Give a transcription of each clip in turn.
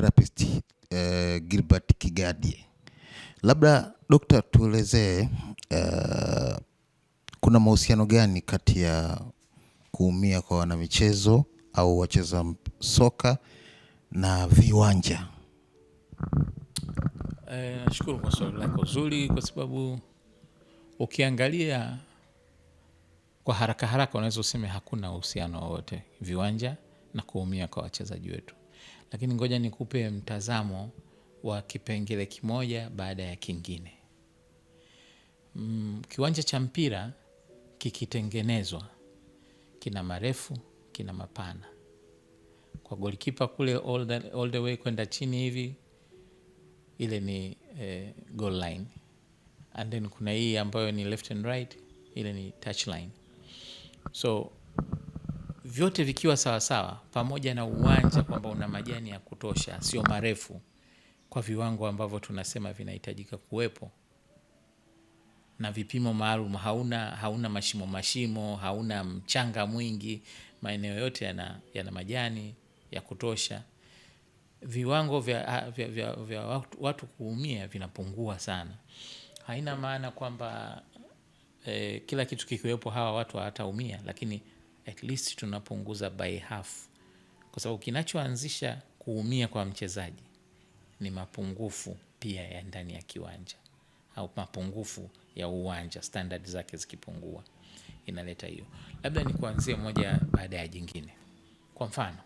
therapist uh, Gilbert Kigadie. Labda dokta, tuelezee uh, kuna mahusiano gani kati ya kuumia kwa wanamichezo au wacheza soka na viwanja? Eh, nashukuru kwa swali lako zuri, kwa sababu ukiangalia kwa haraka haraka unaweza useme hakuna uhusiano wowote viwanja na kuumia kwa wachezaji wetu lakini ngoja nikupe mtazamo wa kipengele kimoja baada ya kingine. Mm, kiwanja cha mpira kikitengenezwa kina marefu kina mapana, kwa golikipa kule all the, all the way kwenda chini hivi, ile ni eh, goal line and then kuna hii ambayo ni left and right, ile ni touch line so vyote vikiwa sawasawa, pamoja na uwanja kwamba una majani ya kutosha, sio marefu kwa viwango ambavyo tunasema vinahitajika kuwepo, na vipimo maalum, hauna hauna mashimo mashimo, hauna mchanga mwingi, maeneo yote yana, yana majani ya kutosha, viwango vya, vya, vya, vya watu, watu kuumia vinapungua sana. Haina maana kwamba eh, kila kitu kikiwepo hawa watu hawataumia, lakini at least tunapunguza by half, kwa sababu kinachoanzisha kuumia kwa mchezaji ni mapungufu pia ya ndani ya kiwanja au mapungufu ya uwanja, standard zake zikipungua inaleta hiyo. Labda ni kuanzia moja baada ya jingine. Kwa mfano,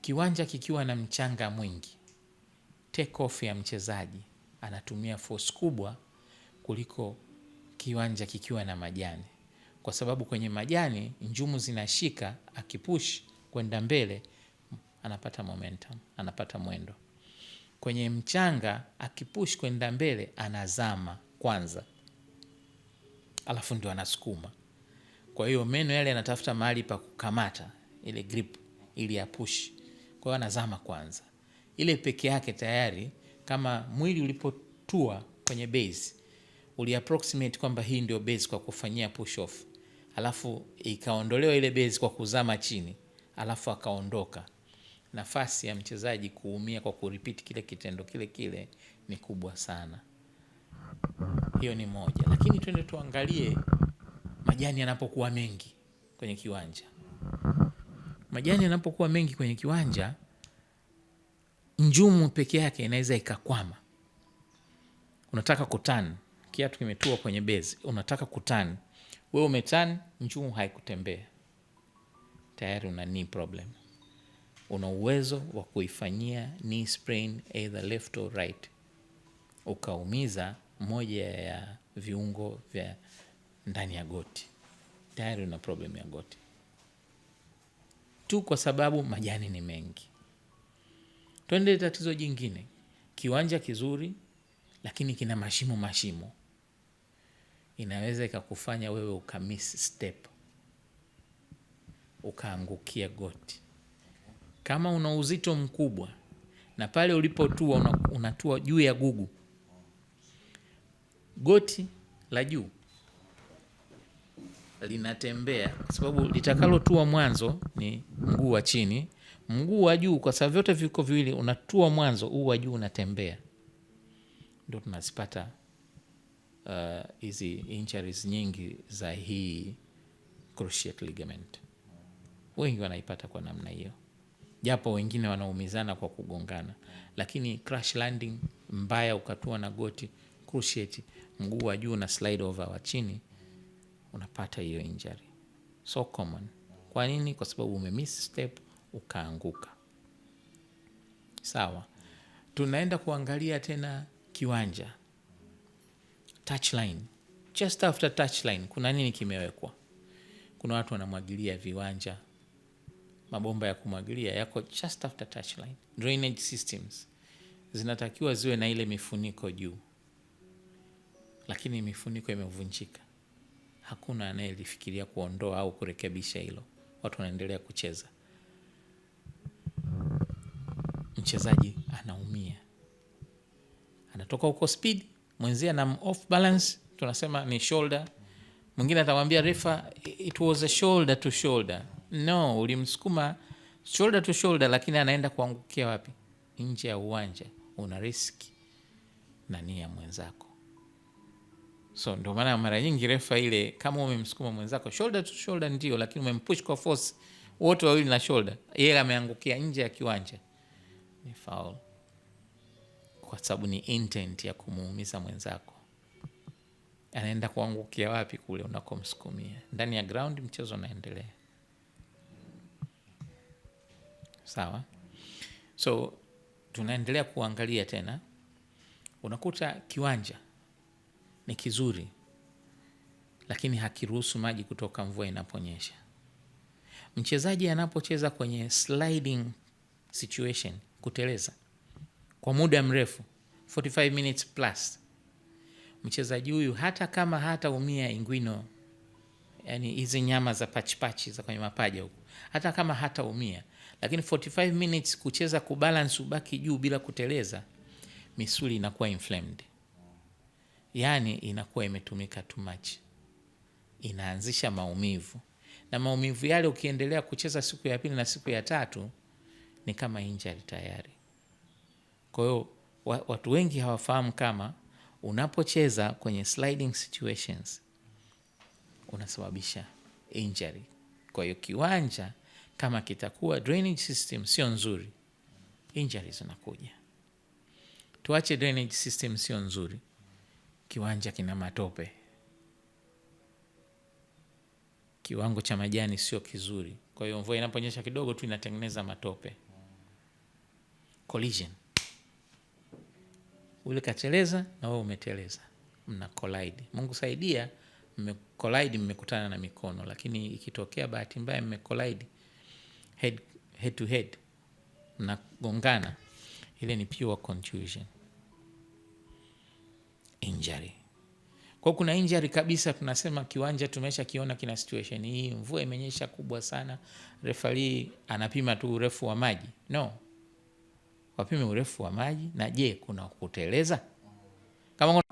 kiwanja kikiwa na mchanga mwingi, take off ya mchezaji anatumia force kubwa kuliko kiwanja kikiwa na majani kwa sababu kwenye majani njumu zinashika, akipush kwenda mbele anapata momentum, anapata mwendo. Kwenye mchanga akipush kwenda mbele anazama kwanza, alafu ndio anasukuma. Kwa hiyo meno yale yanatafuta mahali pa kukamata ile grip ili apush, kwa hiyo anazama kwanza. Ile peke yake tayari, kama mwili ulipotua kwenye base, uliapproximate kwamba hii ndio base kwa kufanyia push off alafu ikaondolewa ile bezi kwa kuzama chini, alafu akaondoka, nafasi ya mchezaji kuumia kwa kuripiti kile kitendo kile kile ni kubwa sana. Hiyo ni moja, lakini twende tuangalie majani yanapokuwa mengi kwenye kiwanja. Majani yanapokuwa mengi kwenye kiwanja, njumu peke yake inaweza ikakwama. Unataka kutani, kiatu kimetua kwenye bezi, unataka kutani we umetan njuu haikutembea tayari, una knee problem. Una uwezo wa kuifanyia knee sprain either left or right, ukaumiza moja ya viungo vya ndani ya goti, tayari una problem ya goti tu, kwa sababu majani ni mengi. Twende tatizo jingine, kiwanja kizuri lakini kina mashimo mashimo inaweza ikakufanya wewe ukamiss step ukaangukia goti kama una uzito mkubwa, na pale ulipotua una, unatua juu ya gugu, goti la juu linatembea kwa sababu litakalotua mwanzo ni mguu wa chini. Mguu wa juu kwa sababu vyote viko viwili, unatua mwanzo, huu wa juu unatembea, ndo tunazipata Uh, hizi uh, injuries nyingi za hii cruciate ligament wengi wanaipata kwa namna hiyo, japo wengine wanaumizana kwa kugongana, lakini crash landing mbaya, ukatua na goti cruciate, mguu wa juu na slide over wa chini, unapata hiyo injury, so common. Kwa nini? Kwa sababu umemiss step ukaanguka. Sawa, tunaenda kuangalia tena kiwanja touchline, just after touchline kuna nini kimewekwa? Kuna watu wanamwagilia viwanja, mabomba ya kumwagilia yako just after touchline. Drainage systems zinatakiwa ziwe na ile mifuniko juu, lakini mifuniko imevunjika, hakuna anayelifikiria kuondoa au kurekebisha hilo. Watu wanaendelea kucheza, mchezaji anaumia, anatoka huko spidi mwenzie na off balance, tunasema ni shoulder. Mwingine atamwambia refa it was a shoulder to shoulder. No, ulimsukuma shoulder to shoulder, lakini anaenda kuangukia wapi? Nje ya uwanja. Una riski na nia mwenzako, so ndio maana mara nyingi refa ile, kama umemsukuma mwenzako shoulder to shoulder ndio, lakini umempush kwa force, wote wawili na shoulder, yeye ameangukia nje ya kiwanja, ni faul kwa sababu ni intent ya kumuumiza mwenzako. Anaenda kuangukia wapi? Kule unakomsukumia ndani ya ground, mchezo unaendelea. Sawa, so tunaendelea kuangalia tena, unakuta kiwanja ni kizuri, lakini hakiruhusu maji kutoka mvua inaponyesha. Mchezaji anapocheza kwenye sliding situation, kuteleza kwa muda mrefu 45 minutes plus, mchezaji huyu hata kama hataumia ingwino, yani hizi nyama za pachipachi za kwenye mapaja huko, hata kama hataumia, lakini 45 minutes kucheza, kubalance, ubaki juu bila kuteleza, misuli inakuwa inflamed, yani inakuwa imetumika too much, inaanzisha maumivu na maumivu yale ukiendelea kucheza siku ya pili na siku ya tatu ni kama injury tayari. Kwa hiyo watu wengi hawafahamu kama unapocheza kwenye sliding situations unasababisha injury. Kwa hiyo kiwanja kama kitakuwa drainage system sio nzuri, injury zinakuja. Tuache drainage system sio nzuri, kiwanja kina matope, kiwango cha majani sio kizuri. Kwa hiyo mvua inaponyesha kidogo tu inatengeneza matope, collision ule kateleza na wewe umeteleza, mna collide. Mungu saidia, collide, mmekutana na mikono, lakini ikitokea bahati mbaya mmekolaidi head, head to head, mnagongana, ile ni pure contusion injury. Kwa kuna injury kabisa, tunasema kiwanja tumesha kiona kina situation hii, mvua imenyesha kubwa sana, refari anapima tu urefu wa maji no wapime urefu wa maji na je, kuna kuteleza kama